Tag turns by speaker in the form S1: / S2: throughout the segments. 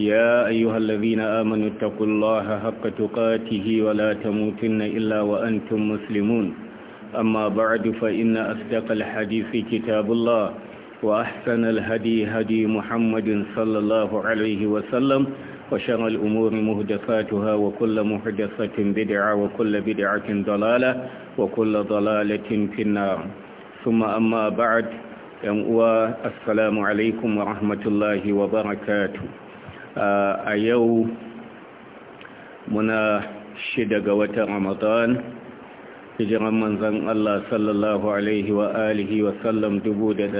S1: يا أيها الذين آمنوا اتقوا الله حق تقاته ولا تموتن إلا وأنتم مسلمون أما بعد فإن أصدق الحديث كتاب الله وأحسن الهدي هدي محمد صلى الله عليه وسلم وشر الأمور مهدفاتها وكل مهدفة بدعة وكل بدعة ضلالة وكل ضلالة في النار ثم أما بعد يمؤى السلام عليكم ورحمة الله وبركاته a yau muna shida ga watan ramadan hijiran manzan Allah sallallahu alaihi wa alihi wa sallam ɗaya,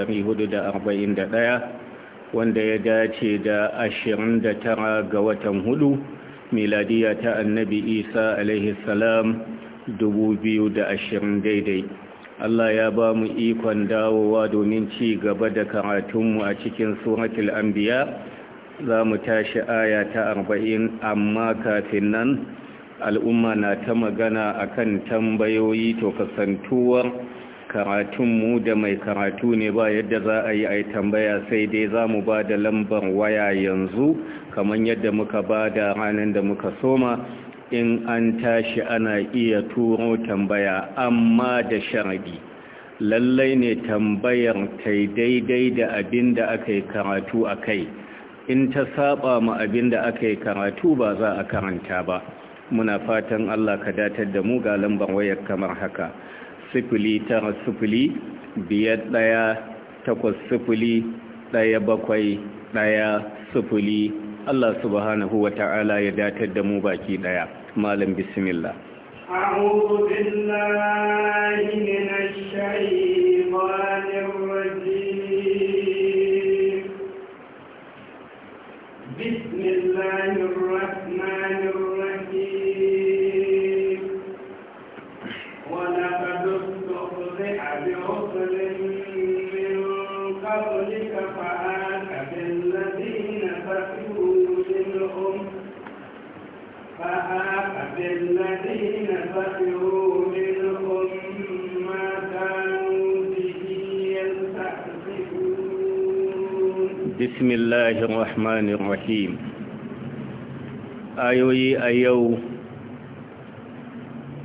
S1: wanda ya dace da ashirin da tara ga watan hudu miladiya ta annabi isa alaihi salam ashirin daidai Allah ya ba mu ikon dawowa domin ci gaba da karatunmu a cikin suratul anbiya za mu tashi aya ta arba'in amma kafin nan al'umma na ta magana a kan tambayoyi to kasantuwar karatunmu da mai karatu ne ba yadda za a yi a tambaya sai dai za mu ba da lambar waya yanzu kamar yadda muka ba da ranar da muka soma in an tashi ana iya turo tambaya amma da sharadi. lallai ne tambayar ta daidai da abin da aka yi karatu a kai in ta saba ma abin da aka yi karatu ba za a karanta ba muna fatan Allah ka datar da mu ga lambar wayar kamar haka sifili tara sifili biyar ɗaya takwas sifili ɗaya bakwai ɗaya sifili Allah subhanahu wa ta'ala ya datar da mu baki ɗaya malam bismillah
S2: أعوذ بالله من الشيطان بسم الله الرحمن
S1: ayoyi a yau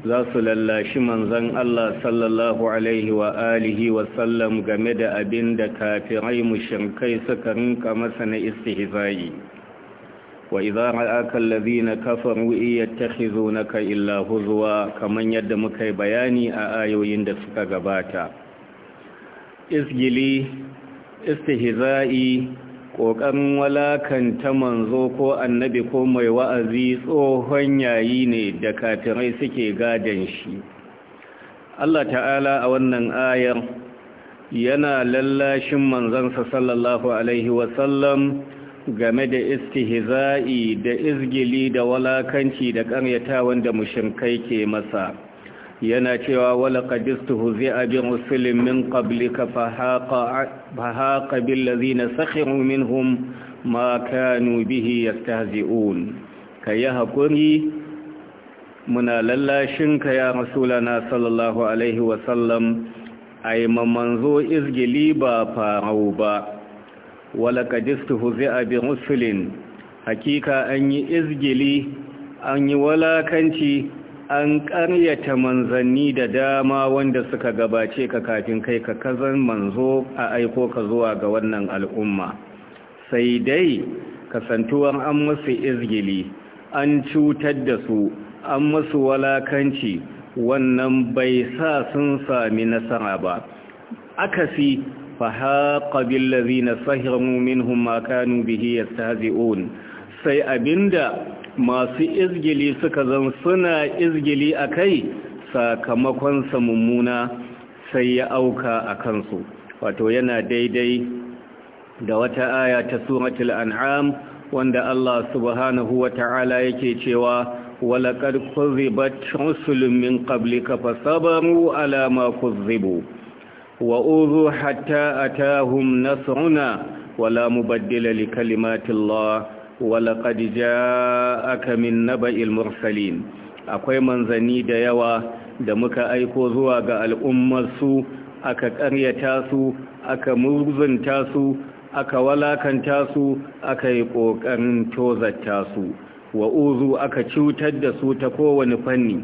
S1: za su lallashi manzan Allah sallallahu Alaihi game da abin da kafirai mushirkai suka rinka masa na istihzayi wa idza ra'aka allazina kafaru yattakhizunaka illa huzwa kaman yadda muka bayani a ayoyin da suka gabata isgili istihza'i ƙoƙarin walakanta manzo ko annabi ko mai wa'azi tsohon yayi ne da kafirai suke gadon shi Allah ta'ala a wannan ayar yana lallashin manzansa sallallahu alaihi wasallam game da istihiza'i da izgili da walakanci da ƙaryata wanda mushrikai ke masa yana cewa wala qadistuhu zai bi rusulin min qablika fa haqa na ladina sakhiru minhum ma ka nubihi kanu bihi Ka yi hakuri muna lallashin ka ya rasulana sallallahu alaihi wa sallam ay manzo izgili ba farau ba wala qadistuhu zai bi rusulin hakika an yi izgili an yi walakanci an ƙaryata manzanni da dama wanda suka gabace ka kafin kai ka kazan manzo a aiko ka zuwa ga wannan al'umma sai dai kasantuwar an musu izgili an cutar da su an musu walakanci wannan bai sa sun sami nasara ba akasi fahaqa bil ladzina sahiru minhum ma kanu bihi yastahzi'un sai abinda masu izgili suka zan suna izgili a kai sakamakonsa mummuna sai ya auka a kansu wato yana daidai da wata aya ta suratul an'am wanda Allah subhanahu waTa'ala yake cewa walaqad kuzibat rusulun min qablika fasabaru ala ma kuzibu wa uzu hatta atahum nasruna wala mubaddila li ولقد aka min naba المرسلين akwai manzani da yawa da muka aiko zuwa ga al'ummarsu aka ƙaryata su aka murzunta su aka walakanta su aka yi ƙoƙarin tozarta su wa uzu aka cutar da su ta kowane fanni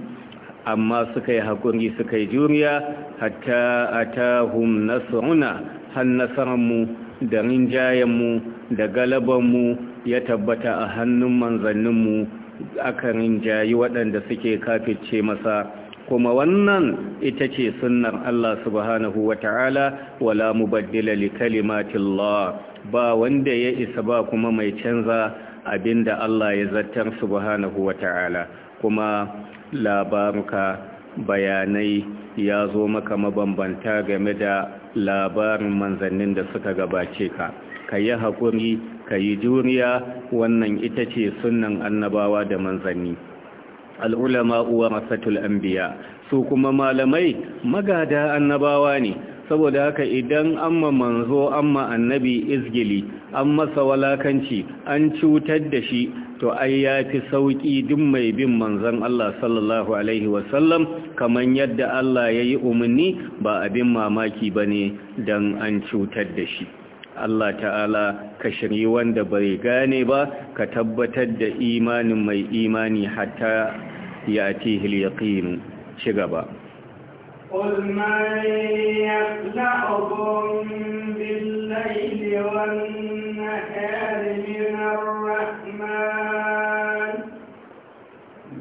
S1: amma suka yi haƙuri suka yi juriya hatta a tahun nasaruna har nasararmu da rinjayenmu da galabanmu ya tabbata a hannun manzanninmu aka rinjayi waɗanda suke kafice masa kuma wannan ita ce sunnar Allah subhanahu wa ta'ala wala mubaddila li kalimatillah ba wanda ya isa ba kuma mai canza abinda Allah ya zartar subhanahu wa ta'ala kuma labaruka bayanai ya zo maka mabambanta game da labarin manzannin da suka gabace ka ka yi haƙuri ka yi juriya wannan ita ce sunan annabawa da manzanni al'ulama uwa masatul biya. su kuma malamai magada annabawa ne saboda haka idan amma manzo amma annabi izgili an masa walakanci an cutar da shi to ai ya fi sauƙi duk mai bin manzon Allah sallallahu alaihi wasallam kamar yadda Allah ya yi umarni ba abin mamaki ba ne don an cutar da shi Allah ta'ala ka shirye wanda bai gane ba ka tabbatar da imanin mai imani hatta ya tihil yaqin ci gaba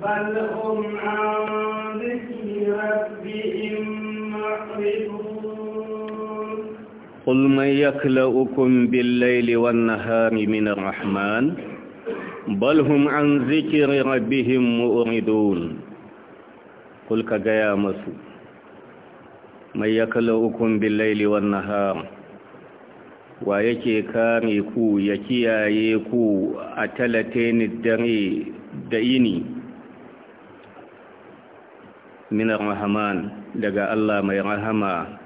S2: بل هم عن ذكر ربهم معرضون
S1: قل من يكلؤكم بالليل والنهار من الرحمن بل هم عن ذكر ربهم مؤردون قل كجيا مسو من يكلؤكم بالليل والنهار ويكي yake يكي ku ya الدري ديني من الرحمن dare الله yini minar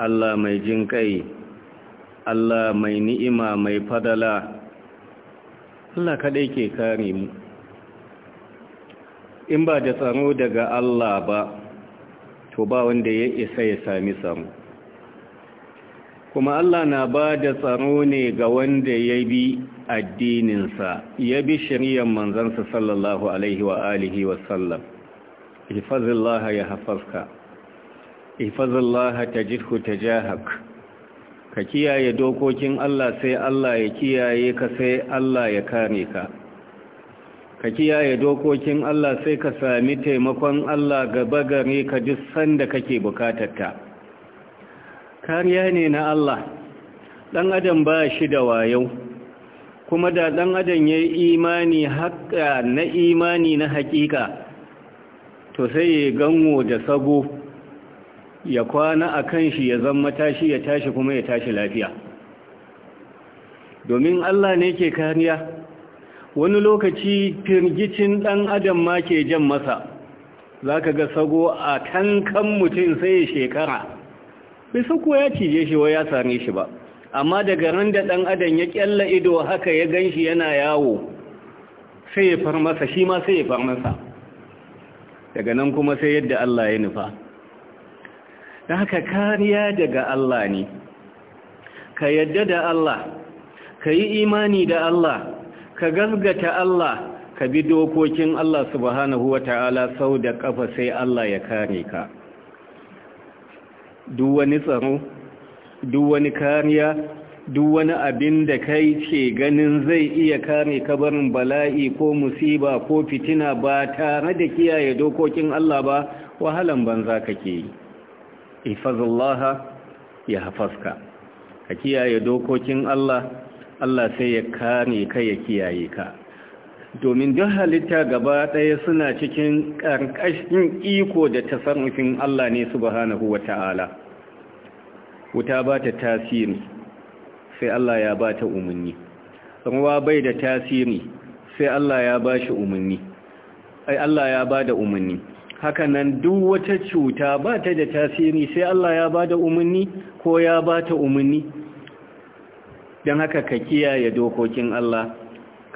S1: Allah mai jin kai Allah mai ni'ima mai fadala Allah kaɗai ke kare mu in ba da tsaro daga Allah ba to ba wanda ya isa ya sami tsaro kuma Allah na ba da tsaro ne ga wanda ya bi addininsa ya bi shari'ar manzansa sallallahu alaihi wa alihi wasallam ya hafazka ta ifazallaha tajidhu tajahak ka kiyaye dokokin Allah sai Allah ya kiyaye ka sai Allah ya kare ka ka kiyaye dokokin Allah sai ka sami taimakon Allah gaba gare ka duk sanda kake ta. kariya ne na Allah dan adam ba shi da wayo kuma da dan adam yayi imani haƙa na imani na haƙiƙa to sai ya gango da sabo ya kwana a kan shi ya zama tashi ya tashi kuma ya tashi lafiya domin Allah ne ke kariya wani lokaci firgicin ɗan adam ma ke jan masa za ka ga sago a tankan mutum sai ya shekara bai sako ya cije shi wa ya same shi ba amma daga ran da ɗan adam ya ƙyalla ido haka ya gan shi yana yawo sai ya far masa shi ma sai ya far masa daga nan kuma sai yadda Allah ya nufa da haka kariya daga Allah ne ka yadda da Allah ka yi imani da Allah ka gazgata Allah ka bi dokokin Allah subhanahu wa ta'ala sau da ƙafa sai Allah ya kare ka duk wani tsaro duk wani kariya duk wani abin da kai ce ganin zai iya kare ka barin bala'i ko musiba ko fitina ba tare da kiyaye dokokin Allah ba wahalan banza kake yi ifazullaha ya hafaska ka kiyaye dokokin Allah Allah sai ya kare kai ya kiyaye ka domin duk halitta gaba ɗaya suna cikin ƙarƙashin iko da tasarrufin Allah ne subhanahu wata'ala wuta ba ta tasiri sai Allah ya ba ta umarni ruwa bai da tasiri sai Allah ya ba shi umarni ai Allah ya ba da umarni hakanan duk wata cuta ba ta da tasiri sai Allah ya ba da umarni ko ya ba ta umarni don haka ka kiyaye dokokin Allah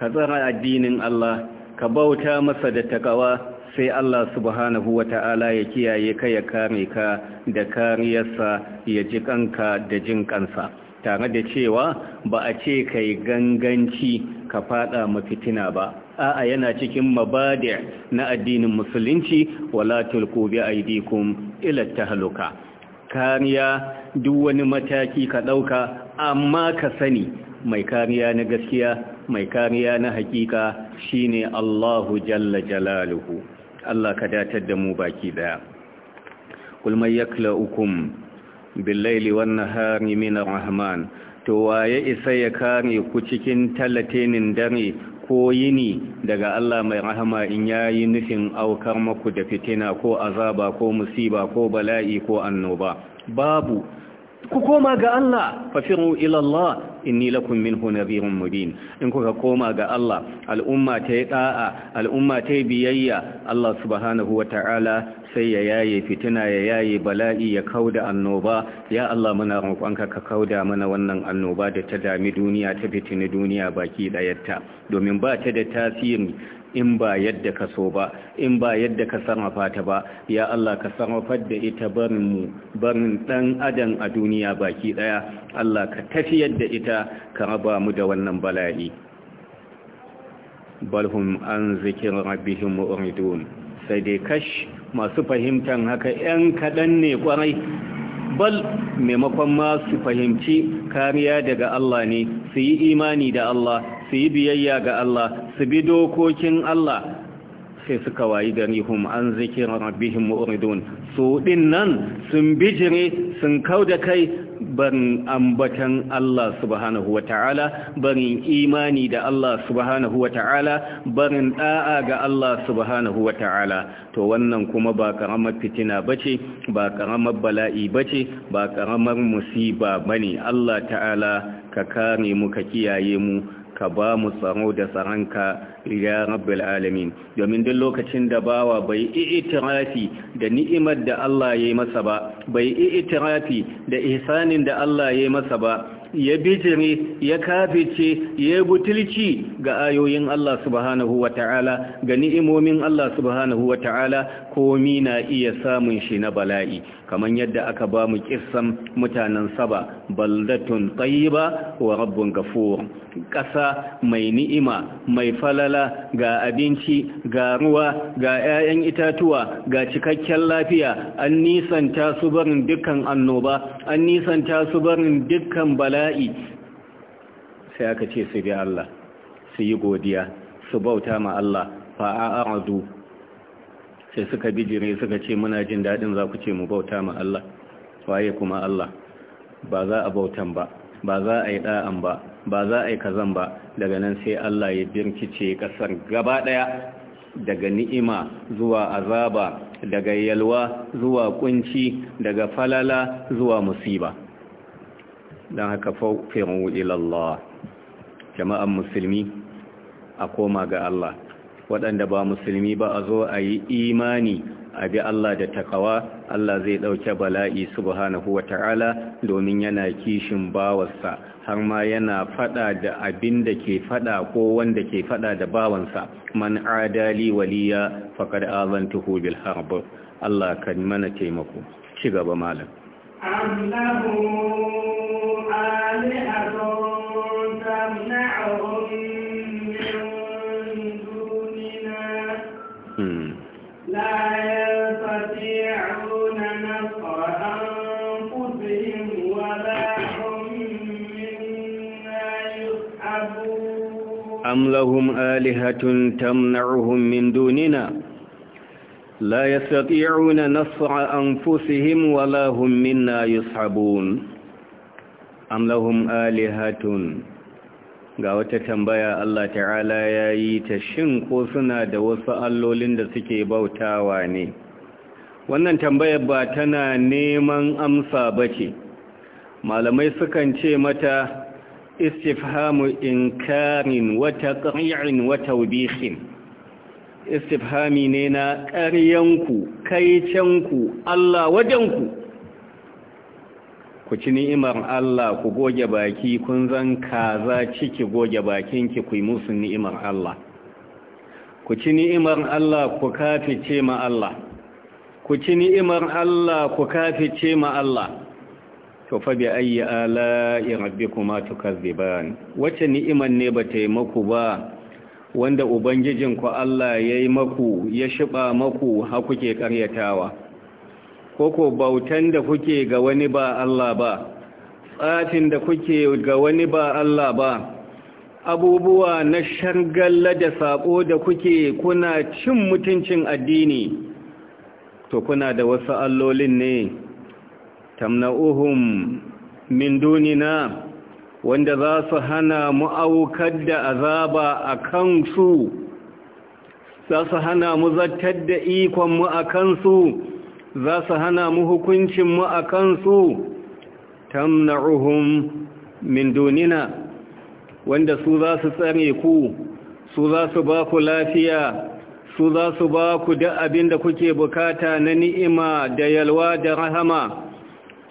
S1: ka tsara addinin Allah ka bauta masa da takawa sai Allah subhanahu wa ta'ala ya kiyaye ka ya kare ka da kariyarsa ya ji kanka da jin kansa tare da cewa ba a ce ka yi ganganci ka fada mafitina ba a'a yana cikin mabadi' na addinin musulunci wala tulku bi aidikum ila tahluka kariya duk wani mataki ka dauka amma ka sani mai kariya na gaskiya mai kariya na hakika shine Allahu jalla jalaluhu Allah ka datar da mu baki daya kul may yaklaukum layli wan nahari min ar-rahman to waye isa ya kare ku cikin talatinin dare ko yini daga Allah mai rahama in ya yi nufin aukar maku da fitina ko azaba ko musiba ko bala'i ko annoba babu ku koma ga Allah fafiru ila Allah inni lakum minhu nadhirun mubin in kuka koma ga Allah al'umma ta yi da'a al'umma ta yi biyayya Allah subhanahu wata'ala sai ya yaye fitina ya yaye bala'i ya kauda annoba ya Allah muna roƙonka ka kauda mana wannan annoba da ta dami duniya ta fitini duniya baki dayarta domin ba ta da tasiri in ba yadda ka so ba in ba yadda ka sarrafa ta ba ya Allah ka sarrafar da ita barin mu barin dan adam a duniya baki daya Allah ka tafiyar da ita ka raba mu da wannan bala'i balhum an zikir rabbihim mu'ridun sai dai kash masu fahimtar haka 'yan kaɗan ne kwarai bal maimakon ma su fahimci kariya daga Allah ne su yi imani da Allah su yi biyayya ga Allah su bi dokokin Allah sai suka wayi gari hum an zikirar rabbihim mu'ridun su ɗin nan sun bijire sun kauda kai barin ambatan Allah subhanahu barin imani da Allah subhanahu barin ɗa'a ga Allah subhanahu ta'ala to wannan kuma ba karamar fitina bace ba karamar bala'i bace ba ƙaramar musiba bane Allah ta'ala ka kare mu ka kiyaye mu ka ba mu tsaro da tsaronka ya rabbal alamin domin duk lokacin da bawa bai i'tirafi da ni'imar da Allah ya yi masa ba bai i'tirafi da ihsanin da Allah ya yi masa ba ya bijire ya kafice ya butulci ga ayoyin Allah subhanahu wata'ala ga ni'imomin Allah subhanahu wata'ala komi na iya samun shi na bala'i kamar yadda aka ba mu kissan mutanen saba baldatun tayyiba wa rabbun ghafur ƙasa mai ni'ima mai falala ga abinci ga ruwa ga 'ya'yan itatuwa ga cikakken lafiya an nisan ta su barin dukkan annoba an nisan ta su barin dukkan bala'i bala'i sai aka ce su bi Allah su yi godiya su bauta ma Allah fa'a'aradu sai suka bijire suka ce muna jin daɗin za ku ce mu bauta ma Allah waye kuma Allah ba za a bautan ba ba za a yi ɗa'an ba ba za a yi kazan ba daga nan sai Allah ya birkice ƙasar gaba ɗaya daga ni'ima zuwa azaba daga yalwa zuwa kunci daga falala zuwa musiba don haka faufiru ilallah jama'an musulmi a koma ga Allah waɗanda ba musulmi ba a zo a yi imani a bi Allah da takawa Allah zai ɗauke bala'i subhanahu wa ta'ala domin yana kishin bawarsa har ma yana fada da abin da ke fada ko wanda ke fada da bawansa man adali waliya faqad azantuhu bil harb Allah kan mana taimako ci gaba malam أم لهم آلهة
S2: تمنعهم من دوننا لا يستطيعون نصر أنفسهم ولا هم منا يسحبون أم
S1: لهم آلهة تمنعهم من دوننا لا يستطيعون نصر أنفسهم ولا هم منا يصحبون أم لهم آلهة ga wata tambaya Allah ta'ala ya yi ta shin ko suna da wasu allolin da suke bautawa ne wannan tambayar ba tana neman amsa ba ce malamai sukan ce mata istifhamu inkarin wata ƙari'in wata wubihin istifhami ne na ƙaryanku kaicenku Allah wajenku ku ci ni'imar Allah ku goge baki kun zan kaza ciki goge bakinki ku yi musu ni'imar Allah ku ci ni'imar Allah ku ce ma Allah ku ci ni'imar Allah ku kafice ma Allah to fa bi ayyi ala'i rabbikuma tukazziban wace ni'imar ne ba ta yi maku ba wanda ubangijin ku Allah ya yi maku ya shiba maku ha kuke karyatawa koko bautan da kuke ga wani ba Allah ba tsatin da kuke ga wani ba Allah ba abubuwa na shangalla da sako da kuke kuna cin mutuncin addini to kuna da wasu allolin ne tamna'uhum min dunina wanda za su hana mu da azaba a kansu za su hana mu zartar da ikonmu a kansu za su hana mu hukuncinmu a kansu tamna'uhum min dunina wanda su za su tsare ku su za su ba ku lafiya su za su ba ku da abin da kuke bukata na ni'ima da yalwa da rahama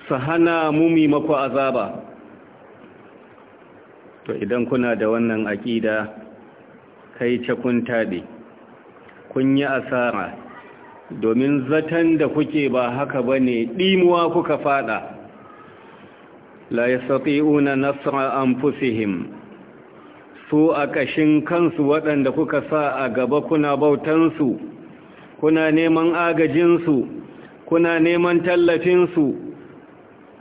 S1: su hana mu maku azaba to idan kuna da wannan aƙida kai ce kun taɓe kun yi asara domin zaton da kuke ba haka ba ne ɗimuwa kuka faɗa. la ya saƙi'una nasara an fusihim su a ƙashin kansu waɗanda kuka sa a gaba kuna bautansu kuna neman agajinsu kuna neman tallafinsu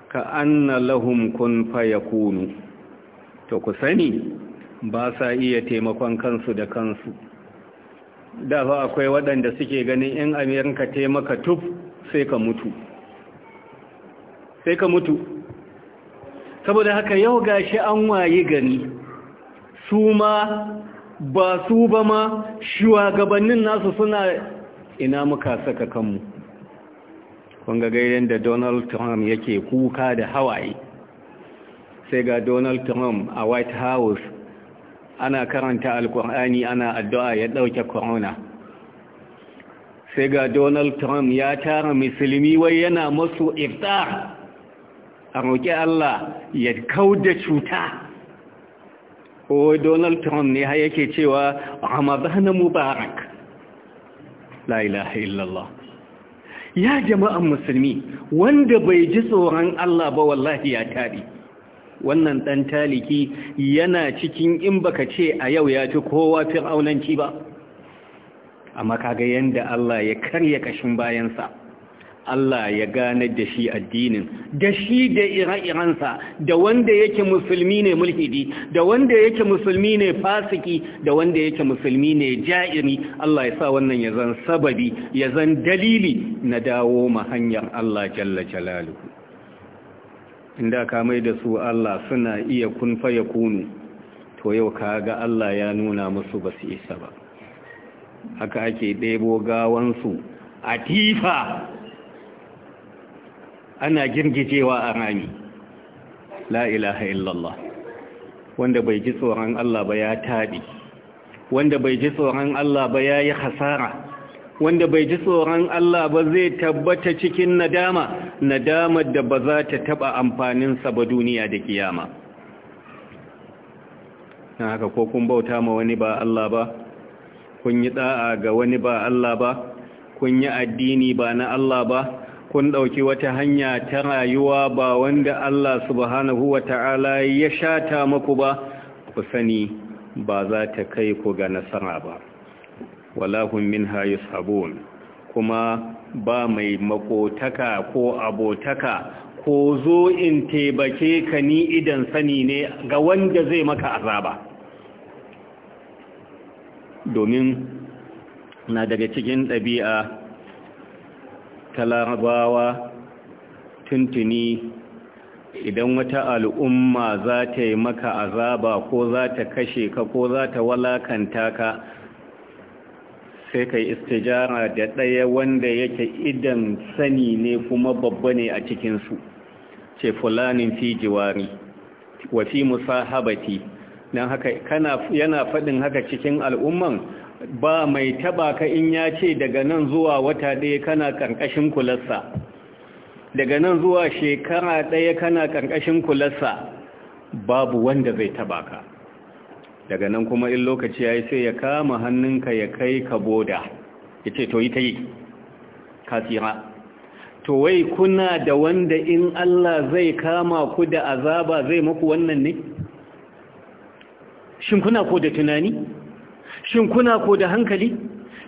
S1: ka anna lahum kun fayakunu to ku sani ba sa iya taimakon kansu da kansu da ba akwai waɗanda suke ganin in amerika taimaka tuf sai ka mutu sai ka mutu saboda haka yau gashi an wayi gani su ma ba su ba ma shugabannin nasu suna ina muka saka kanmu kun ga da donald trump yake kuka da hawaye sai ga donald trump a white house ana karanta alkur'ani ana addu'a ya ɗauke corona sai ga donald trump ya tara musulmi wai yana masu iftar a roƙi allah ya kau da cuta o donald trump ne ha yake cewa ramadan mubarak la ilaha illallah ya jama'an musulmi wanda bai ji tsoron allah ba wallahi ya tari wannan ɗan taliki yana cikin in baka ce a yau ya ci kowa fir'aunanci ba amma kaga yanda Allah ya karya kashin bayansa Allah ya gane da shi addinin da shi da ire-irensa da wanda yake musulmi ne mulhidi da wanda yake musulmi ne fasiki da wanda yake musulmi ne ja'iri Allah ya sa wannan ya zan sababi ya zan dalili na dawo ma hanyar Allah jalla jalaluhu inda ka mai da su Allah suna iya kun faya kunu to yau ka ga Allah ya nuna musu ba su isa ba haka ake ɗebo gawansu a tifa ana girgijewa a rami la ilaha illallah wanda bai ji tsoron Allah ba ya taɓi wanda bai ji tsoron Allah ba ya yi hasara wanda bai ji tsoron Allah ba zai tabbata cikin nadama nadama da ba za ta taba amfaninsa ba duniya da kiyama na haka ko kun bauta ma wani ba Allah ba kun yi da'a ga wani ba Allah ba kun yi addini ba na Allah ba kun ɗauki wata hanya ta rayuwa ba wanda Allah subhanahu wa ta'ala ya shata maku ba ku sani ba za ta kai ku ga nasara ba walahun min hayus abun kuma ba mai makotaka ko abotaka ko zo in tebake ka ni idan sani ne ga wanda zai maka azaba domin na daga cikin ɗabi'a ta larabawa tuntuni idan wata al'umma za ta yi maka azaba ko za ta kashe ka ko za ta walakanta ka sai ka yi istijara da ɗaya wanda yake idan sani ne kuma babba ne a cikinsu ce fulanin fi jiwari wafi musahabati don haka yana faɗin haka cikin al'umman ba mai taɓa ka in ya ce daga nan zuwa wata ɗaya kana ƙarƙashin kularsa daga nan zuwa shekara ɗaya kana ƙarƙashin kularsa babu wanda zai taɓa ka daga nan kuma in lokaci ya yi sai ya kama hannunka ya kai ka boda ya ce to yi ta yi kasira to wai kuna da wanda in Allah zai kama ku da azaba zai muku wannan ne shin kuna ko da tunani shin kuna ko da hankali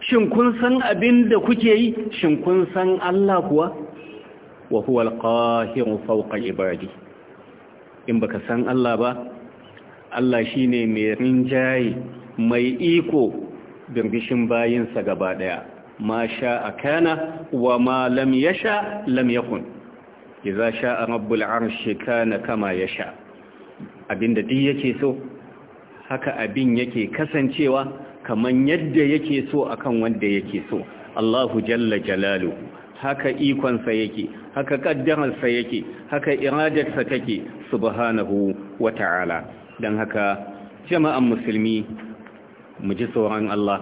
S1: shin kun san abin da kuke yi shin kun san Allah kuwa wa huwa al fawqa ibadi in baka san Allah ba Allah shi ne mai rinjaye mai iko birbishin bayinsa gaba ɗaya ma a kana wa ma lam sha lam yakun sha a rabbul arshi kana kama ya sha. abinda duk yake so haka abin yake kasancewa kamar yadda yake so akan wanda yake so Allahu jalla jalalu haka ikonsa yake haka kaddararsa yake haka iradarsa take subhanahu wa ta'ala don haka jama'an musulmi mu ji tsoron Allah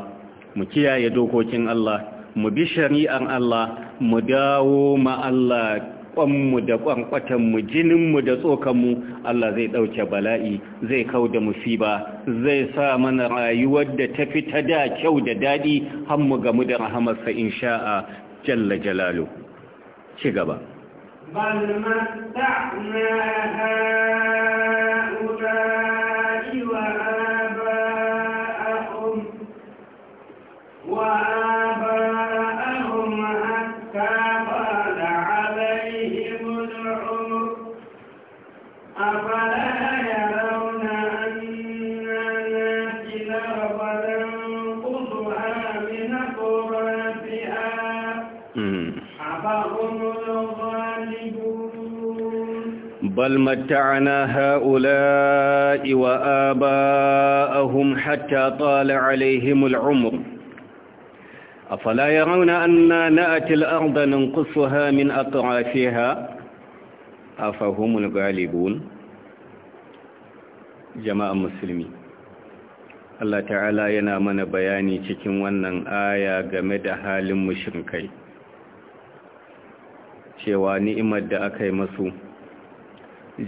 S1: mu kiyaye dokokin Allah mu bi shari'ar Allah mu dawo ma Allah kwanmu da kwankwatanmu jininmu da tsokanmu Allah zai ɗauke bala'i zai kau da musiba zai sa mana rayuwar da ta fi ta da kyau da daɗi har mu gamu da rahamarsa sha'a jalla jalalu ci gaba
S2: بل متعنا هؤلاء وآباءهم وآباءهم حتى طال عليهم العمر أفلا يعلمون
S1: بل متعنا هؤلاء وآباءهم حتى طال عليهم العمر أفلا يرون أنا نأتي الأرض ننقصها من أطرافها أفهم الغالبون جماعة مسلمين Allah ta'ala yana mana bayani cikin wannan aya game da halin mushrikai cewa ni'imar da aka yi masu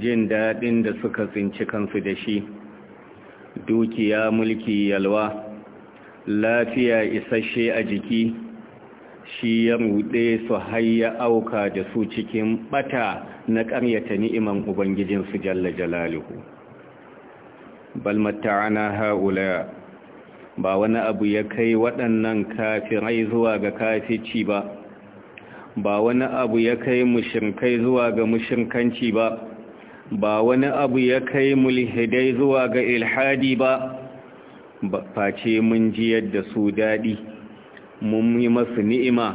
S1: jin daɗin da suka tsinci kansu da shi dukiya mulki yalwa lafiya isasshe a jiki shi ya muɗe su hayya auka da su cikin ɓata na ƙaryata ni'iman ubangijinsu jalla jalaluhu bal matta'ana haula ba wani abu ya kai waɗannan kafirai zuwa ga kafici ba ba wani abu ya kai mushinkai zuwa ga mushinkanci ba ba wani abu ya kai mulhidai zuwa ga ilhadi ba face mun ji yadda su daɗi mun yi masu ni'ima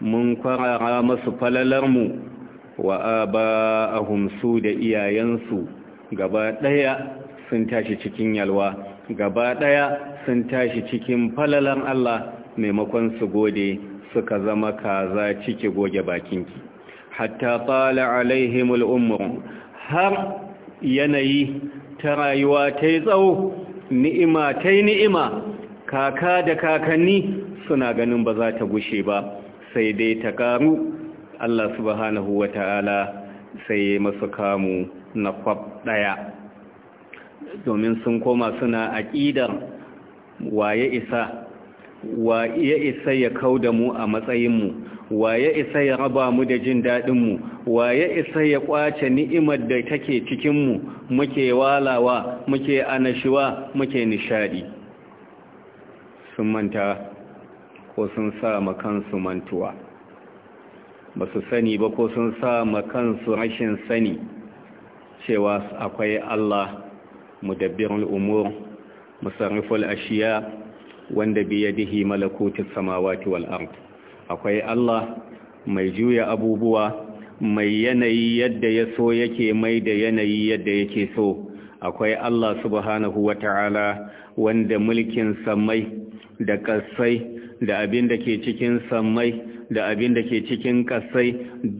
S1: mun kwarara masu falalarmu wa ba a humsu da iyayensu gaba ɗaya sun tashi cikin yalwa gaba ɗaya sun tashi cikin falalar Allah maimakon su gode suka zama kaza ciki goge bakinki hatta fala alaihimul umru har yanayi ta rayuwa ta tsawo ni'ima ta ni'ima kaka da kakanni suna ganin ba za ta gushe ba sai dai ta karu Allah subhanahu wa ta'ala sai ya masu kamu na kwab ɗaya domin sun koma suna aƙidar waye isa wa ya isa ya kau da mu a matsayinmu wa ya isa ya raba mu da jin daɗinmu wa ya isa ya ƙwace ni'imar da take cikinmu muke walawa muke anashiwa muke nishaɗi sun manta ko sun sa makansu mantuwa ba su sani ba ko sun sa makansu rashin sani cewa akwai Allah mudabbirul umur musarriful ashiya wanda biyadihi malakutus samawati wal ard akwai Allah mai juya abubuwa mai yanayi yadda ya so yake mai da yanayi yadda yake so akwai Allah subhanahu wata'ala wanda mulkin samai da kasai da abin da ke cikin samai da abin da ke cikin kasai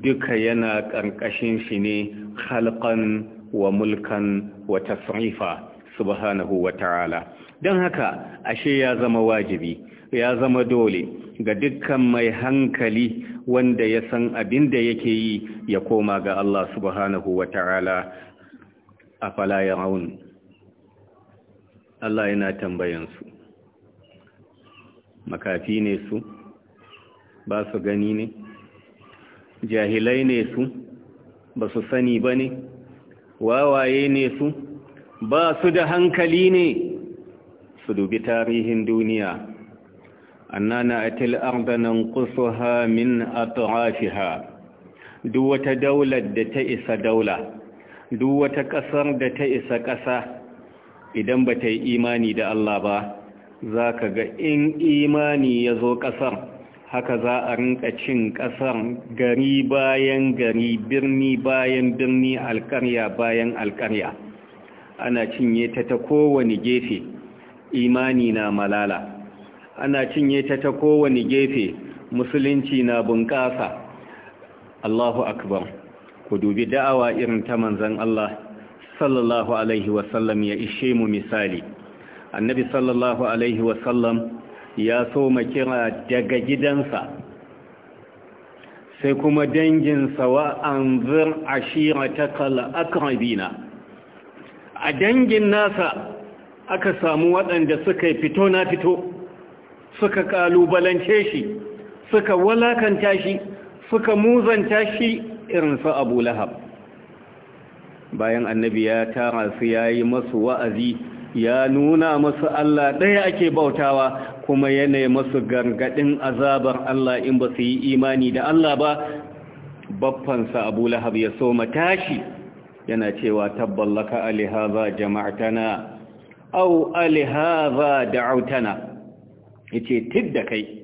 S1: duka yana ƙarƙashin shi ne halkan wa mulkan wa tasrifa subhanahu wata'ala don haka ashe ya zama wajibi ya zama dole ga dukkan mai hankali wanda ya san abin da yake yi ya koma ga Allah subhanahu wa ta'ala a falayarun Allah yana tambayensu. makafi ne su ba su gani ne jahilai ne su ba su sani ba ne wawaye ne su ba su da hankali ne su dubi tarihin duniya annana atil ardanan qusaha min atrafiha duk wata daular da ta isa daula duk wata kasar da ta isa kasa idan ba ta yi imani da Allah ba za ka ga in imani ya zo kasar haka za a rinka cin ƙasar gari bayan gari birni bayan birni alƙarya bayan alƙarya ana cinye ta ta kowane gefe imani na malala ana cinye ta ta kowane gefe musulunci na bunƙasa Allahu akbar ku dubi da'awa irin ta manzon Allah sallallahu alaihi wasallam ya ishe mu misali annabi sallallahu alaihi wasallam ya so kira daga gidansa sai kuma danginsa wa anzir ashiratakal akrabina a dangin nasa aka samu waɗanda suka fito na fito suka kalubalance shi suka walakanta shi suka muzanta shi irinsu abu lahab bayan annabi ya tara su ya yi masu wa'azi ya nuna masu Allah ɗaya ake bautawa kuma yanayi masu gargaɗin azabar Allah in ba su yi imani da Allah ba baffansa abu lahab ya so matashi yana cewa jama'a alihaza jama'atana au alihaza da'autana yace tid da kai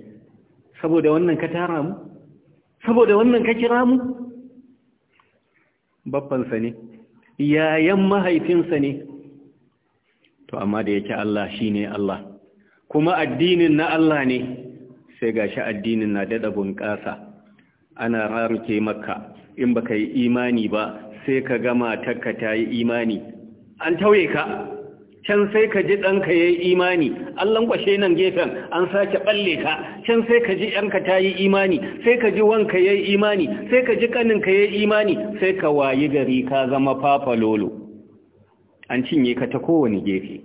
S1: saboda wannan ka tara mu saboda wannan ka kira mu sa ne yayan mahaifinsa ne to amma da yake Allah shine Allah kuma addinin na Allah ne sai gashi addinin na dada bunƙasa ana raruke makka in baka yi imani ba sai ka gama takka tayi imani an tauye ka can sai ka ji ɗanka ya yi imani an lankwashe nan gefen an sake ɓalle ka can sai ka ji ‘yanka ta yi imani sai ka ji wanka ya yi imani sai ka ji ƙaninka ya yi imani sai ka wayi gari ka zama lolo an cinye ka ta kowane gefe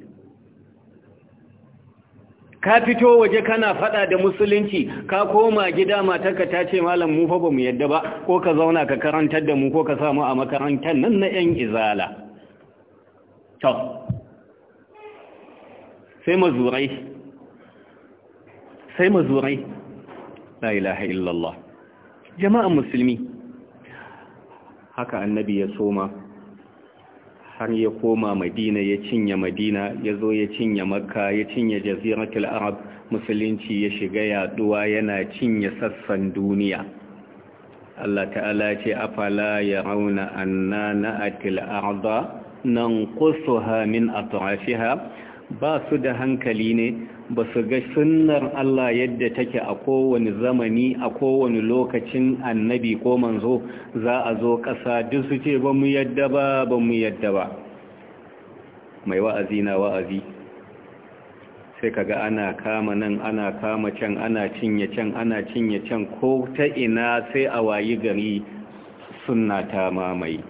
S1: ka fito waje kana faɗa da musulunci ka koma gida matarka ta ce malam mu fa ba mu yadda ba ko ka zauna ka karantar da mu ko ka samu a makarantar nan na ‘yan izala. sai mazurai sai mazurai la ilaha illallah jama'an musulmi haka annabi ya soma har ya koma madina ya cinye madina ya zo ya cinye makka ya cinye jaziratul arab musulunci ya shiga yaduwa yana cinye sassan duniya Allah ta'ala ce afala ya rauna anna na'atil arda nan kusuha min atrafiha ba su da hankali ne ba su ga sunnar Allah yadda take a kowane zamani a kowane lokacin annabi ko manzo za a zo ƙasa duk su ce ba mu yadda ba ba mu yadda ba mai wa'azi na wa'azi sai kaga ana kama nan ana kama can ana cinye can ana cinye can ko ta ina sai a wayi gari sunna ta mamaye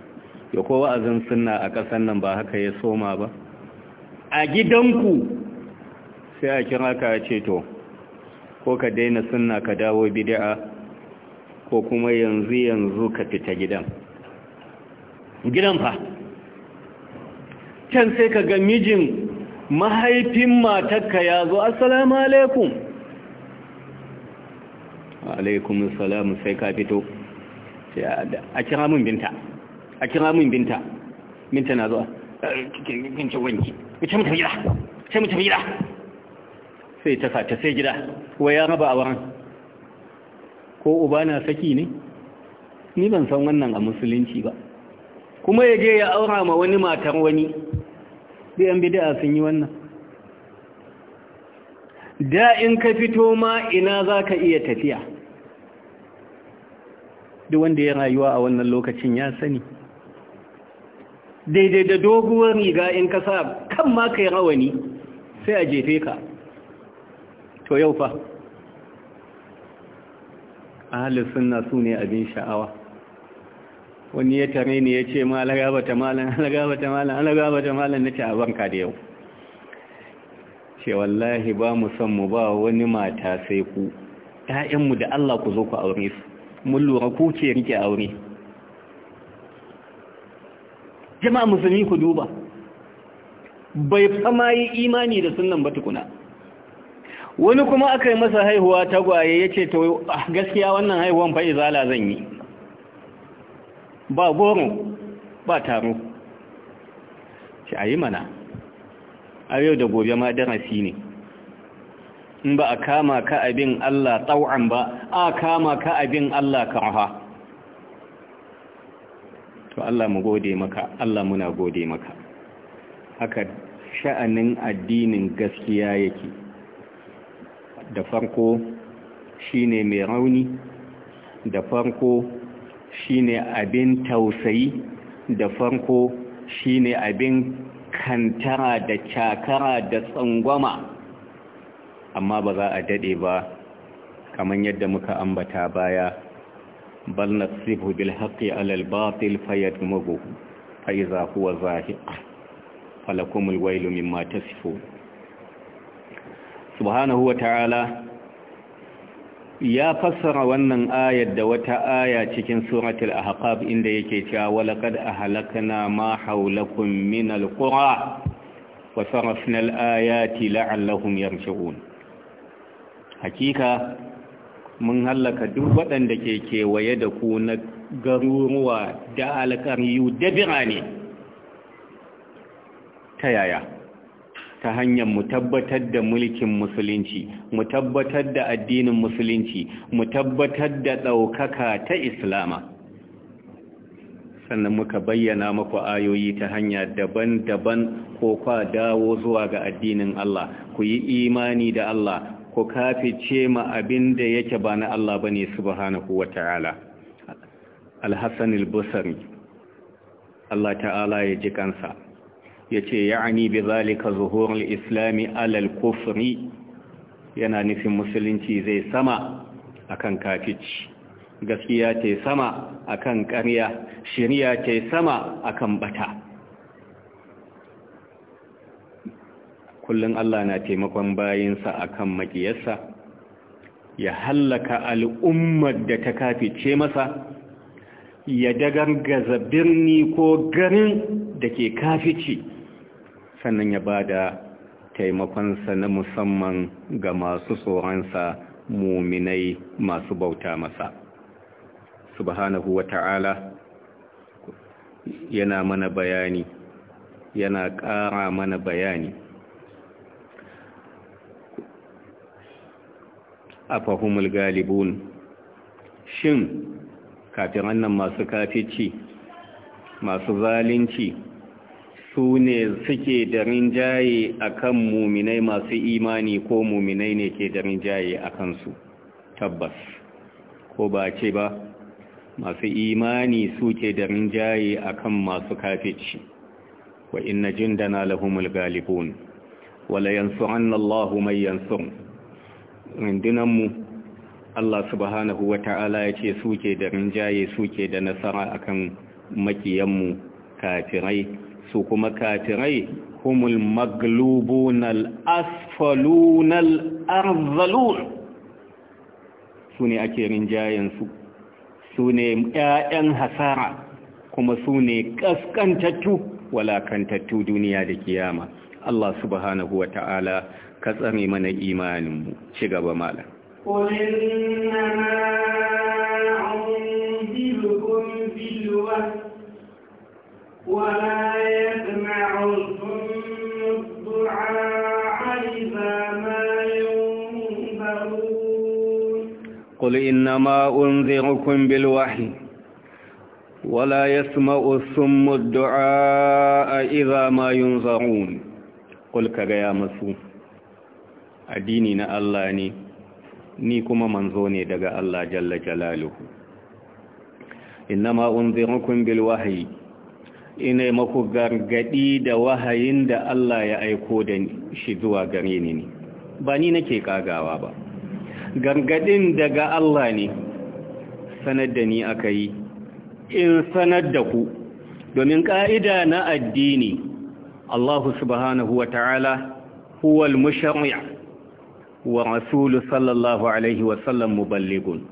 S1: ya ko wa'azin sunna a ƙasar nan ba haka ya soma ba a gidanku sai a kira ka ce to ko ka daina sunna ka dawo bid'a ko kuma yanzu yanzu ka fita gidan gidan fa can sai ka ga mijin mahaifin matarka ya zo assalamu alaikum alaikum salamu sai ka fito a kira min binta a kira mun binta minta na zuwa kince wanki ita tafi gida sai mu ta fata sai gida wai ya raba wurin ko uba na saki ne ni ban san wannan a musulunci ba kuma ya je ya aura ma wani matar wani biyan bid'a sun yi wannan da in ka fito ma ina za ka iya tafiya duk wanda ya rayuwa a wannan lokacin ya sani daidai da doguwar riga in ka sa kan ma kai rawani sai a jefe ka to yau fa ahalin suna su abin sha'awa wani ya tare ne ya ce malaga bata malan bata malan na ce da yau ce wallahi ba mu san mu ba wani mata sai ku ‘ya'yanmu da Allah ku zo ku aure su mun lura ku ce rike aure jama'a musulmi ku duba bai fama yi imani da sunan ba tukuna wani kuma aka yi masa haihuwa ta gwaye ya ce ta ah, gaskiya wannan haihuwan fa’i zala zan yi ba goro ba taro shi a yi mana a yau da gobe ma darasi ne in ba a kama ka abin Allah tsau'an ba a kama ka abin Allah karha to Allah mu gode maka Allah muna gode maka haka sha'anin addinin gaskiya yake da farko shine mai rauni da farko shine abin tausayi da farko shine abin kantara da cakara da tsangwama amma ba za a dade ba kamar yadda muka ambata baya bal Nasibu bil haqqi alal batil fayadmugu fa iza huwa zahiq falakumul wailu mimma tasifun subhanahu wa ta'ala ya fassara wannan ayar da wata aya cikin suratul ahqaf inda yake cewa walaqad ahlakna ma hawlakum min alqura wa sarafna alayati la'allahum yarji'un hakika mun halaka duk waɗanda ke kewaye da ku na garuruwa da alƙaryu da birane ta yaya ta hanyar mu tabbatar da mulkin musulunci mu tabbatar da addinin musulunci mu tabbatar da ɗaukaka ta islama sannan muka bayyana maku ayoyi ta hanya daban-daban ko kwa dawo zuwa ga addinin Allah ku yi imani da Allah ku kafice ma abin da yake ba na Allah ba ne subhanahu wa ta'ala alhassan al-busari Allah ta'ala ya ji kansa ya ce ani bi zalika zuhurul islami alal kufri yana nufin musulunci zai sama akan kafici gaskiya ce sama akan ƙarya shiriya ce sama akan bata kullum Allah na taimakon bayinsa akan makiyarsa ya hallaka al'ummar da ta kafice masa ya gaza birni ko garin da ke kafici sannan ya ba da taimakonsa na musamman ga masu tsoronsa muminai masu bauta masa subhanahu wa ta'ala yana mana bayani yana ƙara mana bayani a fahimul galibun shin kafin nan masu kafici masu zalunci su ne suke da rinjaye kan muminai masu imani ko muminai ne ke da rinjaye a kansu tabbas ko ba ce ba masu imani suke da rinjaye kan masu kafici wa da na lahumul galibun wala mai Allahu mai yansu rindunanmu Allah subhanahu Ta'ala ya ce suke da rinjaye suke da nasara akan makiyanmu kafirai su kuma katirai humul maglubun al-asfalun al-arzalun su ne ake rinjayensu su ne ‘ya'yan hasara kuma su ne ƙasƙantattu walakantattu duniya da kiyama Allah subhanahu wa ta'ala ka tsare mana imaninmu ci gaba malam
S2: قل إنما أنزلكم ولا يسمع الصم الدعاء إذا ما ينذرون
S1: قل إنما أنذركم بالوحي ولا يسمع الصم الدعاء إذا ما ينذرون قل كغيا مسو addini na Allah ne ni kuma manzo ne daga Allah jalla jalaluhu innama unzirukum bil wahyi ina maku gargadi da wahayin da Allah ya aiko da shi zuwa gare ni ne ba ni nake kagawa ba gargadin daga Allah ne sanar da ni aka yi in sanar da ku domin ka'ida na addini Allah subhanahu wa ta'ala huwal mushari' wa rasulu sallallahu alaihi wa sallam muballigun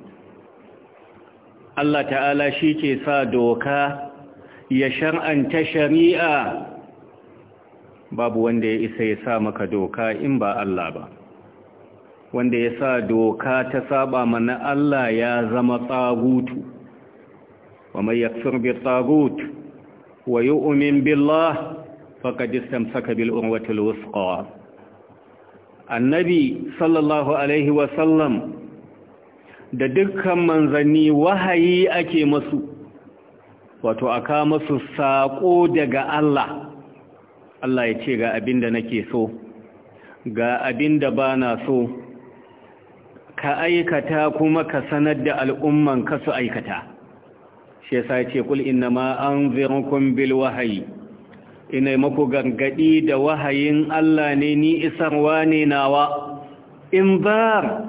S1: Allah ta'ala shi ke sa doka ya shar'anta shari'a babu wanda ya isa ya sa maka doka in ba Allah ba wanda ya sa doka ta saba mana Allah ya zama tsagutu wa mai bi tsagutu. wa yi umin billah faqad saka bil'un wata lusqawa annabi sallallahu alaihi wa da dukkan manzanni wahayi ake masu wato a kama su saƙo daga Allah Allah ya ce ga abin da nake so ga abin da ba na so ka aikata kuma ka sanar da al'umman ka su aikata shi ya ce kul inna ma an zirkun bil wahayi ina maku gangadi da wahayin Allah ne ni isarwa ne nawa in ba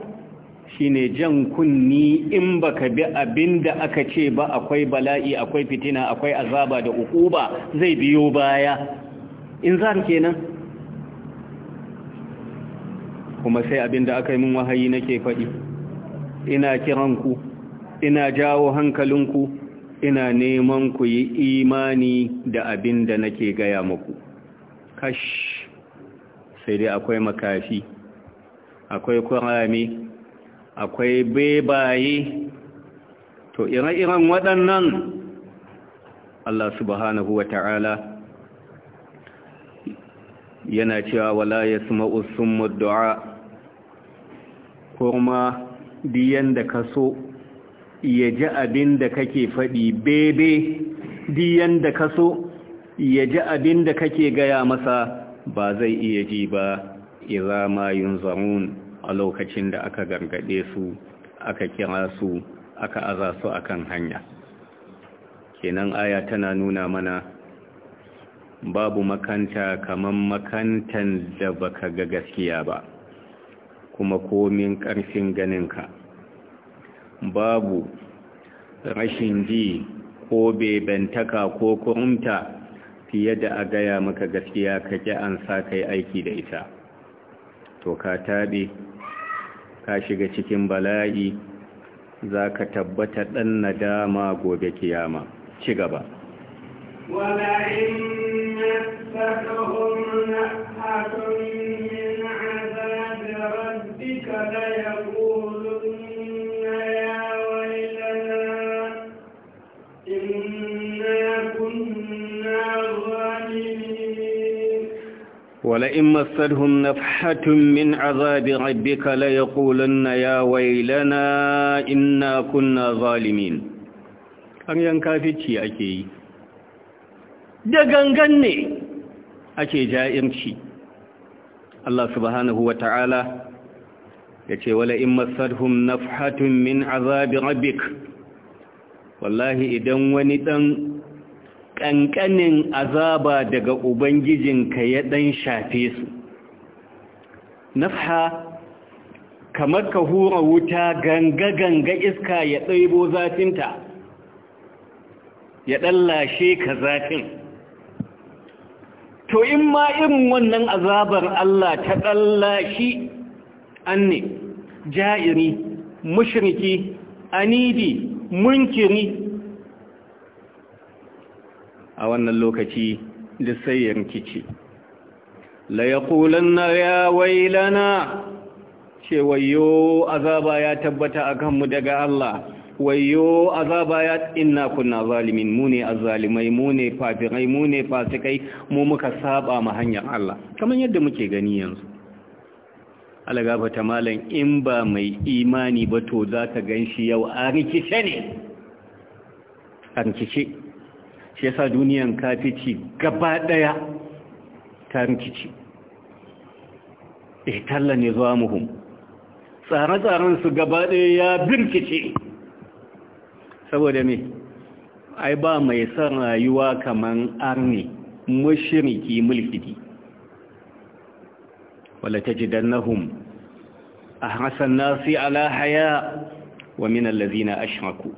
S1: shine jan kunni in baka bi abin da aka ce ba akwai bala'i akwai fitina akwai azaba da ukuba zai biyo baya in zan kenan kuma sai abin da aka yi min wahayi nake faɗi ina kiranku ina jawo hankalinku ina neman ku yi imani da abin da nake gaya muku kash sai dai akwai makafi akwai kurame akwai bebaye to ire-iren waɗannan Allah subhanahu wa ta'ala yana cewa wala ya suma usun muddu'a kuma diyan da ka so ya ji abin da kake faɗi bebe diyan da ka so ya ji abin da kake gaya masa ba zai iya ji ba ira ma yin a lokacin da aka gargade su aka kira su aka aza su akan hanya kenan aya tana nuna mana babu makanta kaman makantan da baka ga gaskiya ba kuma komin ƙarfin ganinka babu rashin ji ko bebentaka ko kurumta fiye da a gaya maka gaskiya ka ji an sa kai aiki da ita to ka taɓe ka shiga cikin bala'i za ka tabbata ɗan nadama gobe kiyama ci gaba
S2: wala'in ya tsakahun na hatoyin yin azabin rantika da yau
S1: ولئن مستهم نفحة من عذاب ربك ليقولن يا ويلنا إنا كنا ظالمين ƙaryan kafici ake yi
S2: da gangan ne
S1: ake ja'irci Allah subhanahu wa ta'ala ya ce wala in masarhum nafhatun min azabi rabbik wallahi idan wani ɗan ƙanƙanin azaba daga ubangijinka ya ɗan shafe su nafha kamar ka hura wuta ganga-ganga iska ya ɗaibo zafinta ya ɗallashe ka zafin to in ma irin wannan azabar Allah ta ɗan lashi an ne ja'iri mushriki anidi munkiri a wannan lokaci da sai ya rikici la na ya wailana ce wayo azaba ya tabbata a kanmu daga Allah wayo azaba ya inna kunna zalimin mu ne azzalimai mu ne fafirai mu ne fasikai mu muka saba ma hanyar Allah kamar yadda muke gani yanzu alagafa ta malam in ba mai imani ba to za ka gan yau a rikice ne a rikice shi yasa duniyan kafici gaba daya ta rikici eh, talla ne zuwa muhim tsare-tsaren su gaba daya ya birkice saboda me ai ba mai san rayuwa kaman arni mushriki mulkidi wala tajidannahum ahsan nasi ala haya wa min allazina ashraku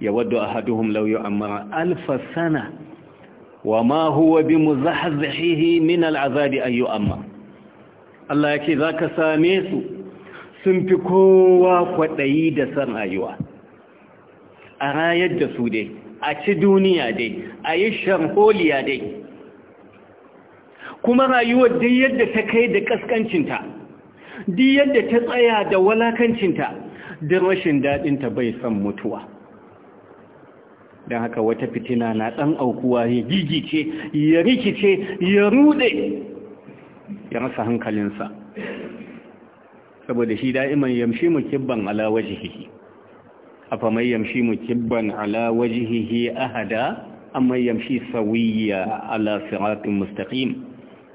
S1: amma أحدهم لو Wa ألف سنة وما هو بمزحزحه من العذاب أن amma. Allah ya ce za ka same su sun fi kowa kwaɗayi da san rayuwa a rayar da su dai a ci duniya dai a yi sharholiya dai kuma rayuwar dai yadda ta kai da ƙasƙancinta duk yadda ta tsaya da walakancinta da rashin daɗinta bai san mutuwa don haka wata fitina na ɗan aukuwa ya gigice ya rikice ya rude ya rasa hankalinsa saboda shi da'iman yamshi mu kibban ala wajihihi afa mai yamshi mu kibban ala wajihihi ahada amma yamshi sawiyya ala siratin mustaqim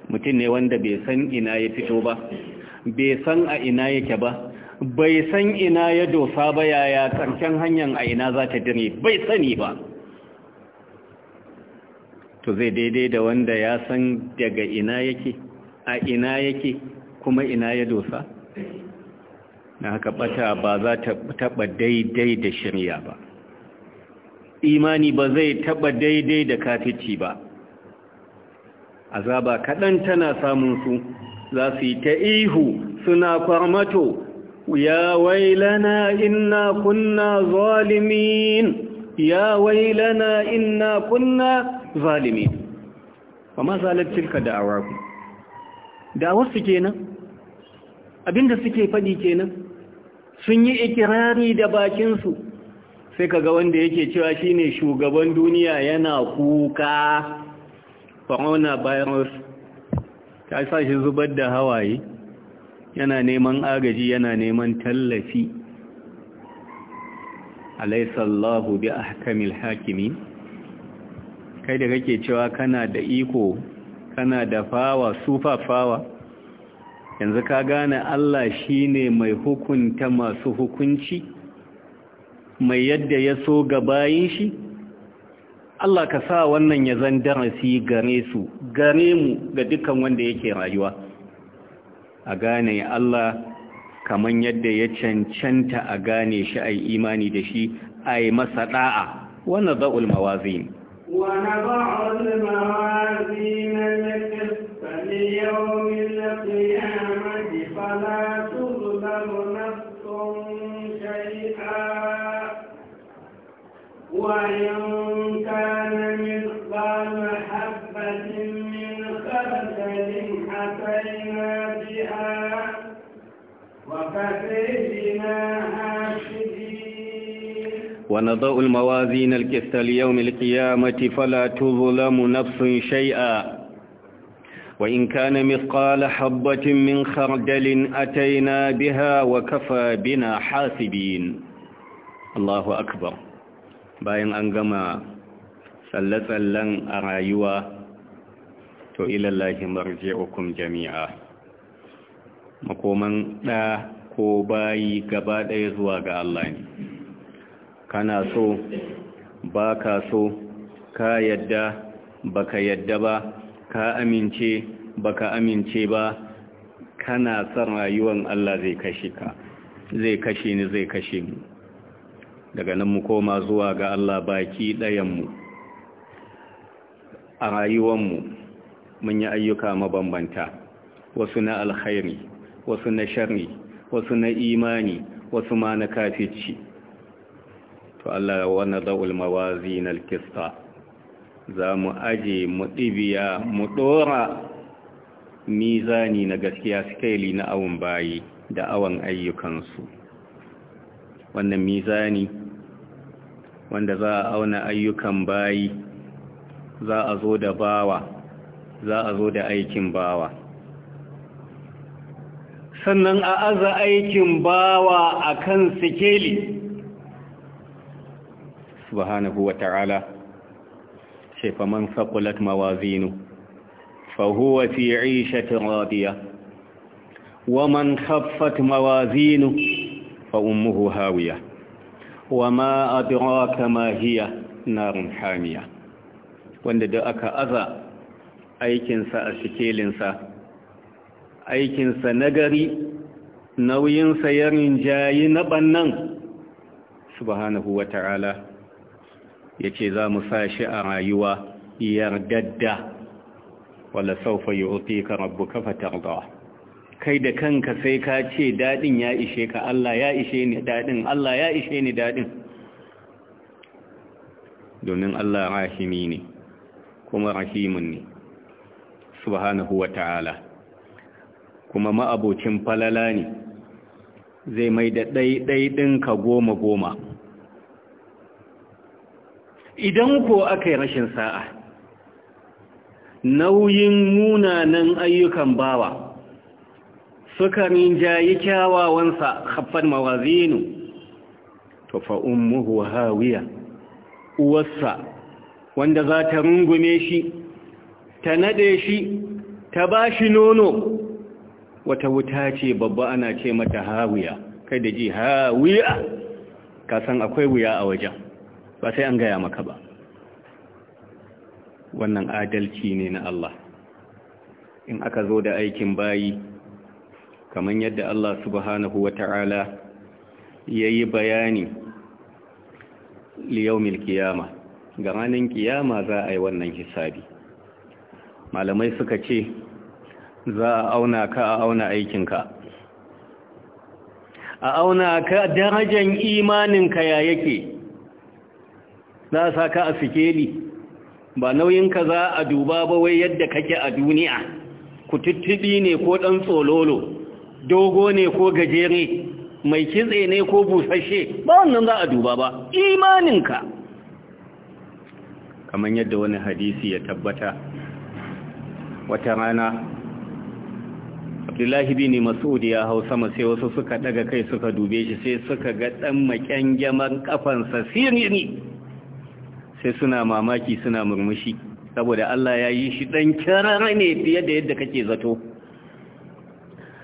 S1: mutum ne wanda bai san ina ya fito ba bai san a ina yake ba bai san ina ya dosa ba yaya karshen hanyar a ina za ta dire bai sani ba to zai daidai da wanda ya san daga ina yake a ina yake kuma ina ya dosa na haka bata ba za ta taba daidai da shirya ba imani ba zai taba daidai da kafici ba azaba kaɗan tana samun su za su yi ta ihu suna kwamato يا ويلنا إنا كنا ظالمين يا ويلنا إنا كنا ظالمين وما زالت تلك دعواكم دعوة سكينة abinda suke faɗi kenan sun yi ikirari da bakinsu sai kaga wanda yake cewa shine shugaban duniya yana kuka corona virus ta sa shi zubar da hawaye yana neman agaji yana neman tallafi alaisallahu bi ahkamil hakimi kai da kake cewa kana da iko kana da fawa super fawa yanzu ka gane Allah shine mai hukunta masu hukunci mai yadda ya so ga bayin shi Allah ka sa wannan ya zan darasi gare su gare mu ga dukkan wanda yake rayuwa a gane Allah kamar yadda ya cancanta a gane shi ai imani da shi a yi masa da'a wannan za'ul mawazin
S2: ونضع الموازين للقسط ليوم القيامة
S1: ونضع الموازين الكست ليوم القيامة فلا تظلم نفس شيئا وإن كان مثقال حبة من خردل أتينا بها وكفى بنا حاسبين الله أكبر باين أنقما سلسلا أرايوا to ilallahi marji'ukum jami'a makoman ɗa ko bayi gaba ɗaya zuwa ga Allah ne kana so ba ka so ka yadda ba ka yadda ba ka amince ba ka amince ba kana son rayuwan Allah zai kashe ka zai kashe ni zai kashe mu daga nan mu koma zuwa ga Allah baki ɗayanmu a rayuwanmu mun yi ayyuka mabambanta wasu na alkhairi wasu na sharri wasu na imani wasu ma na kafici to Allah wannan za'ul mawazin al-qista za mu aje mu dibiya mu dora mizani na gaskiya sikeli na awon bayi da awon ayyukansu wannan mizani wanda za a auna ayyukan bayi za a zo da bawa za a zo da aikin bawa sannan a aza aikin bawa akan sikeli subhanahu wa ta'ala ce man saqulat mawazinu fa huwa fi 'ishatin radiya wa man khaffat mawazinu fa ummuhu hawiya wa ma adraka ma hiya narun hamiya wanda da aka aza aikinsa a sikelinsa aikinsa nagari nauyinsa ya rinjayi na bannan subhanahu wa ta'ala ya ce za mu sa shi a rayuwa dadda wala saufa yi otu ka rabu kafa tarzawa kai da kanka sai ka ce daɗin ya ishe ka Allah ya ishe ni daɗin Allah ya ishe ni daɗin domin Allah rahimi ne kuma rahimun ne subhanahu wa ta'ala kuma ma'abocin falala ne zai mai da ɗaiɗai goma-goma idan ko aka yi rashin sa'a nauyin munanan ayyukan bawa suka rinjayi kyawawansa haifar mawazinu to fa’un muhu hawiya uwarsa wanda za ta rungume shi ta nade shi ta ba shi nono wata wuta ce babba ana ce mata hawiya kai da ji hawiya kasan akwai wuya a wajen ba sai an gaya maka ba wannan adalci ne na Allah in aka zo da aikin bayi kamar yadda Allah subhanahu wa ta'ala ya yi bayani liyaumil kiyama ga ranan kiyama za a yi wannan hisabi malamai suka ce za a auna ka a auna aikin ka. a auna ka darajan imaninka ya yake za a sa ka a sikeli ba nauyinka za a duba ba wai yadda kake a duniya ku tuttubi ne ko ɗan tsololo dogo ne ko gajere mai kitse ne ko busashe ba wannan za a duba ba
S2: imaninka
S1: kamar yadda wani hadisi ya tabbata wata rana abdullahi masu mas'udi ya hau sama sai wasu suka daga kai suka dube shi sai suka ga dan gyaman kafansa
S2: sirri
S1: sai suna mamaki suna murmushi saboda Allah ya yi shi ɗan kyararra ne fiye da yadda kake zato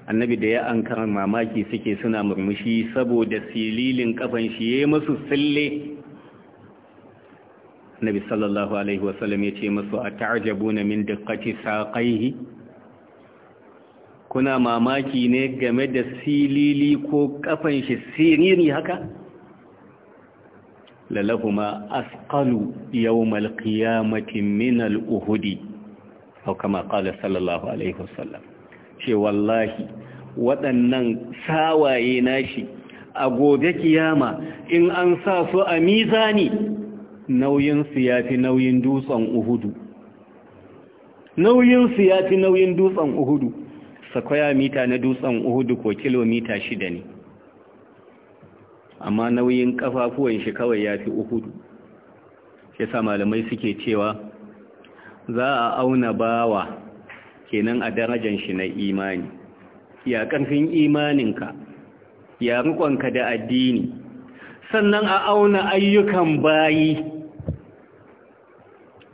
S1: annabi da ya an mamaki suke suna murmushi saboda sililin kafan shi ya masu sille annabi sallallahu alaihi wasallam ya ce masu a ta'ajabuna min diqqati saqaihi kuna mamaki ne game da silili ko kafan shi siriri haka lalahuma asqalu yawmal qiyamati min al-uhudi aw kama sallallahu alaihi wasallam ce wallahi waɗannan sawaye na shi, a gobe ƙiyama, in an sa su a
S2: mizani
S1: nauyin su yafi nauyin dutsen uhudu nauyin dutsen uhudu sakwaya mita na dutsen uhudu ko kilomita shida ne amma nauyin kafafuwan shi kawai ya fi uhudu shi sa malamai suke cewa za a auna bawa kenan a darajan shi na imani ya ƙarfin imaninka ya riƙonka da addini sannan a auna ayyukan bayi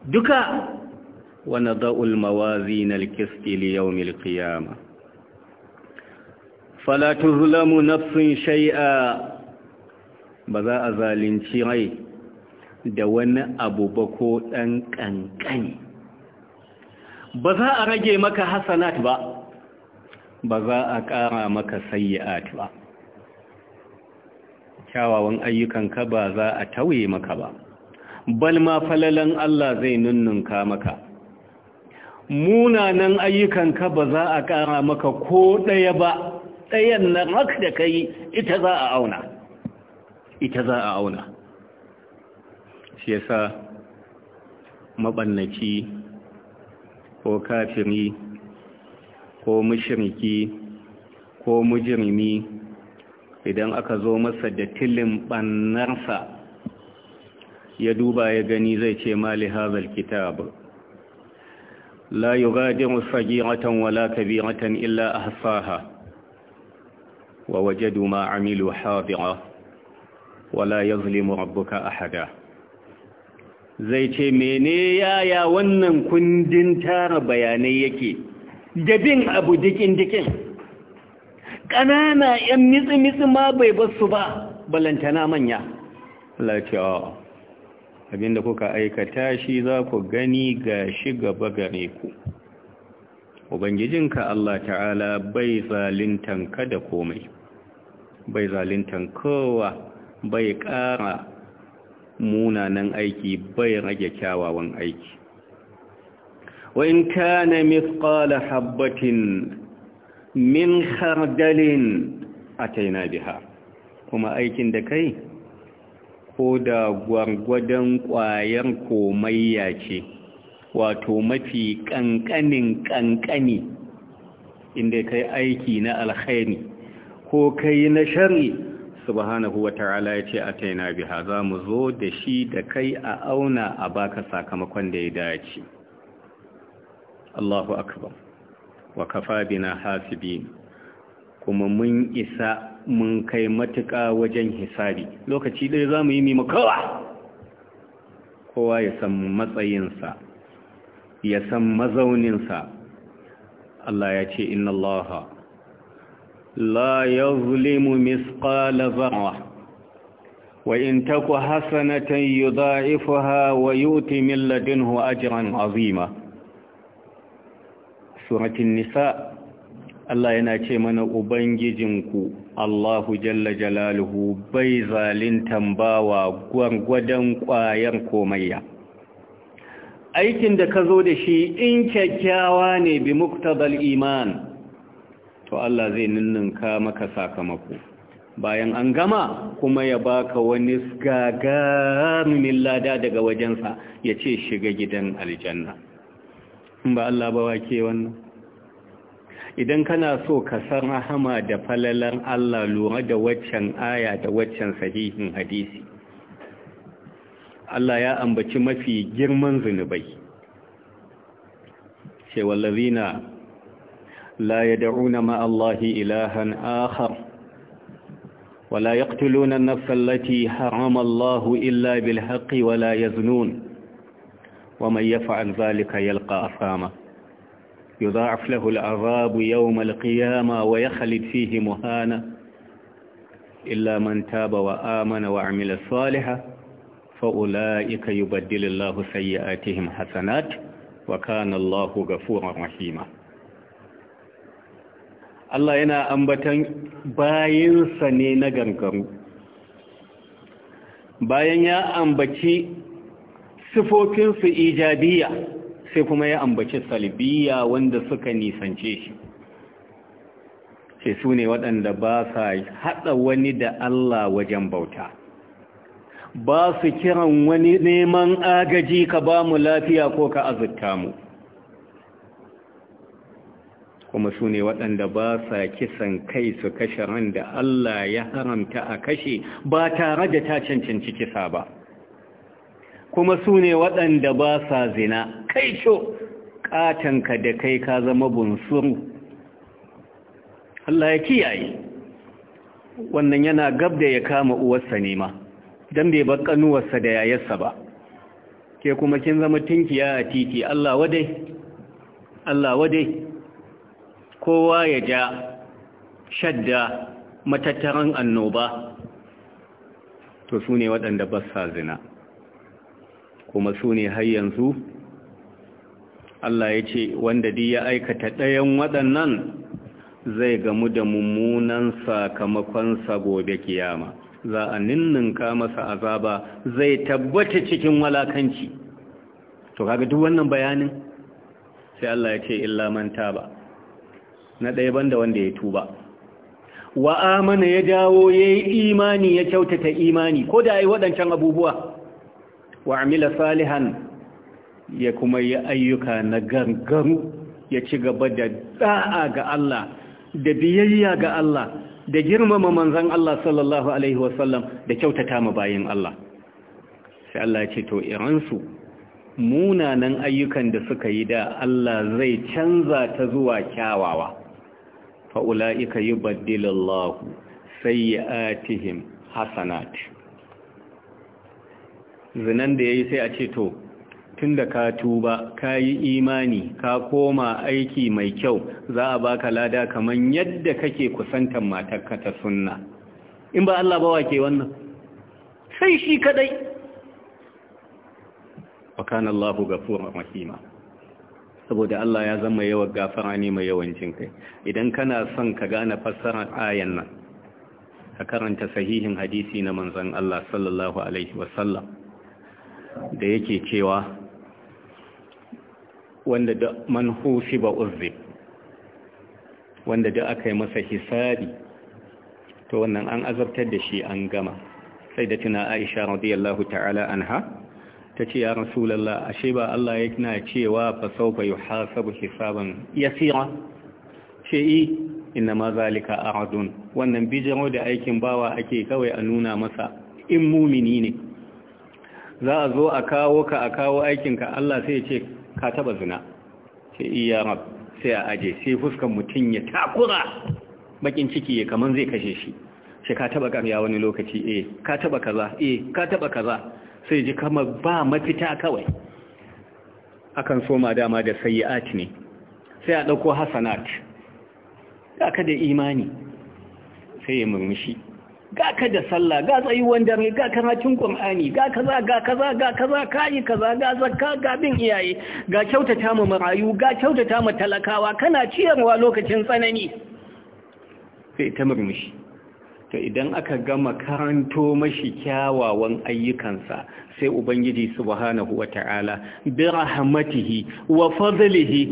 S1: duka wani za'ul mawazi na alkiski liyau milkiyama falatun zulamu nafsun shai'a ba za a zalunci rai da wani abu ba ko ɗan ƙanƙani ba za a rage maka hasanat ba ba za a ƙara maka sayi'at ba kyawawan ayyukanka ba za a tauye maka ba bal ma falalan Allah zai nunnunka maka munanan ayyukanka ba za a ƙara maka ko ɗaya ba ɗayan na rak da ka yi ita za a auna ita za a auna shi yasa mabannaci ko kafiri ko mushriki ko mujirimi idan aka zo masa da tilin bannarsa ya duba ya gani zai ce mali hazal kitab la yughadiru saghiratan wala kabiratan illa ahsaha wa wajadu ma amilu hadira wala yazlimu rabbuka ahada zai ce mene yaya wannan kundin tara bayanai yake dabin abu dikin dikin ƙanana yan mitsi-mitsi ma bai basu ba balantana manya lafiya abinda kuka aikata shi za ku gani ga shi gaba gare ku ubangijinka Allah ta'ala bai zalintan ka da komai bai zalintan kowa bai ƙara munanan aiki bai rage kyawawan aiki وإن kana مثقال habatin من خردل أتينا بها kuma aikin da kai ko da gwargwadon ƙwayar komayya ce wato mafi ƙanƙanin ƙanƙani inda kai aiki na alkhairi ko kai na shari subhanahu wa ta'ala ya ce a taina biha za mu zo da shi da kai a auna a baka sakamakon da ya dace Allahu akbar wa kafa bina hasibin kuma mun isa mun kai matuƙa wajen hisabi lokaci ɗaya za mu yi mima kowa kowa ya san matsayinsa ya san mazauninsa Allah ya ce inna Allah لا يظلم مثقال ذرة وإن تك حسنة يضاعفها ويؤتي من لدنه أجرا عظيما سورة النساء Allah yana ce mana Ubangijinku Allahu Jalla Jalaluhu bai zalintan bawa gwargwadon ƙwayar komayya. Aikin da ka zo da shi in kyakkyawa ne bi muktadal iman to Allah zai ninninka maka sakamako bayan an gama kuma ya baka wani gagarumin lada daga wajensa ya ce shiga gidan aljanna ba Allah ba wake wannan idan kana so ka san rahama da falalan Allah lura da waccan aya da waccan sahihin hadisi Allah ya ambaci mafi girman zunubai ce wallazina لا يدعون مع الله إلها آخر ولا يقتلون النفس التي حرم الله إلا بالحق ولا يزنون ومن يفعل ذلك يلقى أثاما يضاعف له العذاب يوم القيامة ويخلد فيه مهانا إلا من تاب وآمن وعمل الصالحة فأولئك يبدل الله سيئاتهم حسنات وكان الله غفورا رحيما Allah yana ambatan bayansa ne na gangaru bayan ya ambaci sifofinsu ijabiya, sai kuma ya ambaci salbiya wanda suka nisance shi ce sune ne waɗanda ba sa haɗa wani da Allah wajen bauta ba su kiran wani neman agaji ka ba mu lafiya ko ka azurta mu kuma su ne waɗanda ba sa kisan kai su kashe ran da Allah ya haramta a kashe ba tare da ta cancanci kisa ba kuma su ne waɗanda ba sa zina
S2: kai co
S1: ƙatanka da kai ka zama bunsuru Allah ya kiyaye wannan yana gab da ya kama uwarsa nema don bai bar da yayarsa ba ke kuma kin zama tinkiya a titi Allah wadai Allah wadai kowa ya ja shadda matattaran annoba to su ne waɗanda ba sa zina kuma su ne har yanzu Allah ya ce wanda di ya aikata ɗayan waɗannan zai gamu da mummunan sakamakonsa gobe kiyama za a ninninka masa azaba zai tabbata cikin walakanci to kaga duk wannan bayanin sai Allah ya ce illa man taba na ɗaya banda wanda ya tuba wa amana ya jawo ya yi imani ya kyautata imani ko da ya yi waɗancan abubuwa wa amila salihan ya kuma yi ayyuka na gangaru ya ci gaba da da'a ga Allah da biyayya ga Allah da girmama manzan Allah sallallahu Alaihi wasallam da kyautata ma bayin Allah sai Allah ce to iransu munanan ayyukan da suka yi da Allah zai canza ta zuwa kyawawa fa'ula'ika yi baddilillahu sayyatihim hasanat zinan da ya yi sai a ce to tunda ka tuba ka yi imani ka koma aiki mai kyau za a baka lada kamar yadda kake kusantar matarka ta sunna in ba Allah ba wake wannan sai shi kadai wa kana Allahu ghafurur rahima saboda Allah ya zama yawan gafara ne mai yawancin kai idan kana son ka gane fassarar ayan nan ka karanta sahihin hadisi na manzon Allah sallallahu alaihi wasallam da yake cewa wanda da manhusi ba uzzi wanda da aka yi masa hisabi to wannan an azabtar da shi an gama sai da tuna Aisha radiyallahu ta'ala anha ta ce ya rasulallah ashe ba Allah ya kina cewa fa sawfa yuhasabu hisaban yasira ce yi inna ma zalika a'dun wannan bijiro da aikin bawa ake kawai a nuna masa in mumini ne za a zo a kawo ka a kawo aikinka Allah sai ya ce ka taba zina ce Ya rab sai a aje sai fuskan mutum ya
S2: takura
S1: bakin ciki ya kaman zai kashe shi shi ka taba karya wani lokaci eh ka taba kaza eh ka taba kaza sai ji kama ba mafita kawai akan soma dama da sayi'at ne sai a ɗauko hasanat ga ka da imani sai ya murmushi ga ka da sallah ga tsayuwan dare ga karatun Kur'ani, ga kaza ga kaza ga kaza kaza ga zakka ga bin iyaye ga kyautata mu marayu ga kyautata ma talakawa kana ciyarwa lokacin tsanani sai ta murmushi to idan aka gama karanto mashi kyawawan ayyukansa sai ubangiji subhanahu wata'ala bi rahmatihi wa fadlihi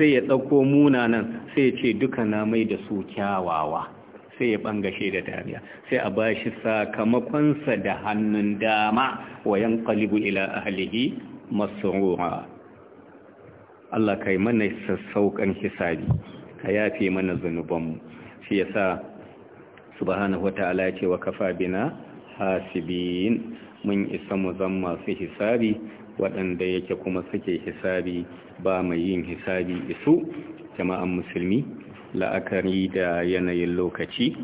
S1: sai ya dauko munanan sai ya ce duka na mai da su kyawawa sai ya bangashe da dariya sai a bashi sakamakonsa da hannun dama wa yanqalibu ila ahlihi masrura Allah kai mana sassaukan hisabi ka yafe mana zanubanmu shi yasa subhanahu wata'ala ya ce wa kafa bina hasibin mun isa mu zan masu hisabi waɗanda yake kuma suke hisabi ba mai yin hisabi isu jama'an musulmi la'akari da yanayin lokaci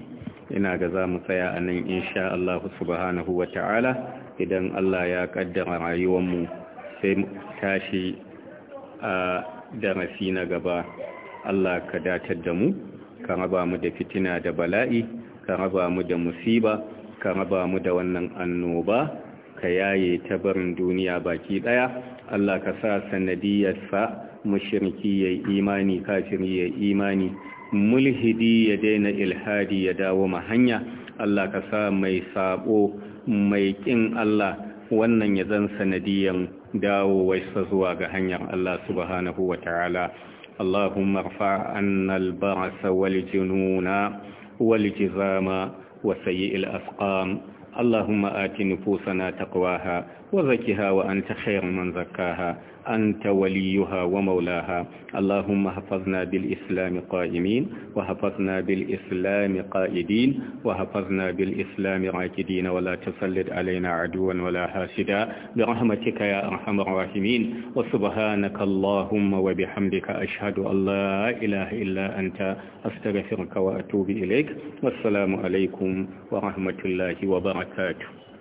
S1: ina ga za mu tsaya a nan insha Allah subhanahu wata'ala idan Allah ya kaddara rayuwarmu sai tashi a darasi na gaba Allah ka datar da mu ka raba mu da fitina da bala'i ka raba mu da musiba ka raba mu da wannan annoba ka yaye ta barin duniya baki daya Allah ka sa sanadiyarsa mushriki yayi imani kafiri yayi imani mulhidi ya daina ilhadi ya dawo ma hanya Allah ka sa mai sabo mai kin Allah wannan ya zan sanadiyan dawo waisa zuwa ga hanyar Allah subhanahu wa ta'ala Allahumma rfa' al-ba'sa wal jununa والجزام وسيء الأسقام اللهم آت نفوسنا تقواها وزكها وأنت خير من زكاها أنت وليها ومولاها اللهم حفظنا بالإسلام قائمين وحفظنا بالإسلام قائدين وحفظنا بالإسلام راكدين ولا تسلد علينا عدوا ولا حاسدا برحمتك يا أرحم الراحمين وسبحانك اللهم وبحمدك أشهد أن لا إله إلا أنت أستغفرك وأتوب إليك والسلام عليكم ورحمة الله وبركاته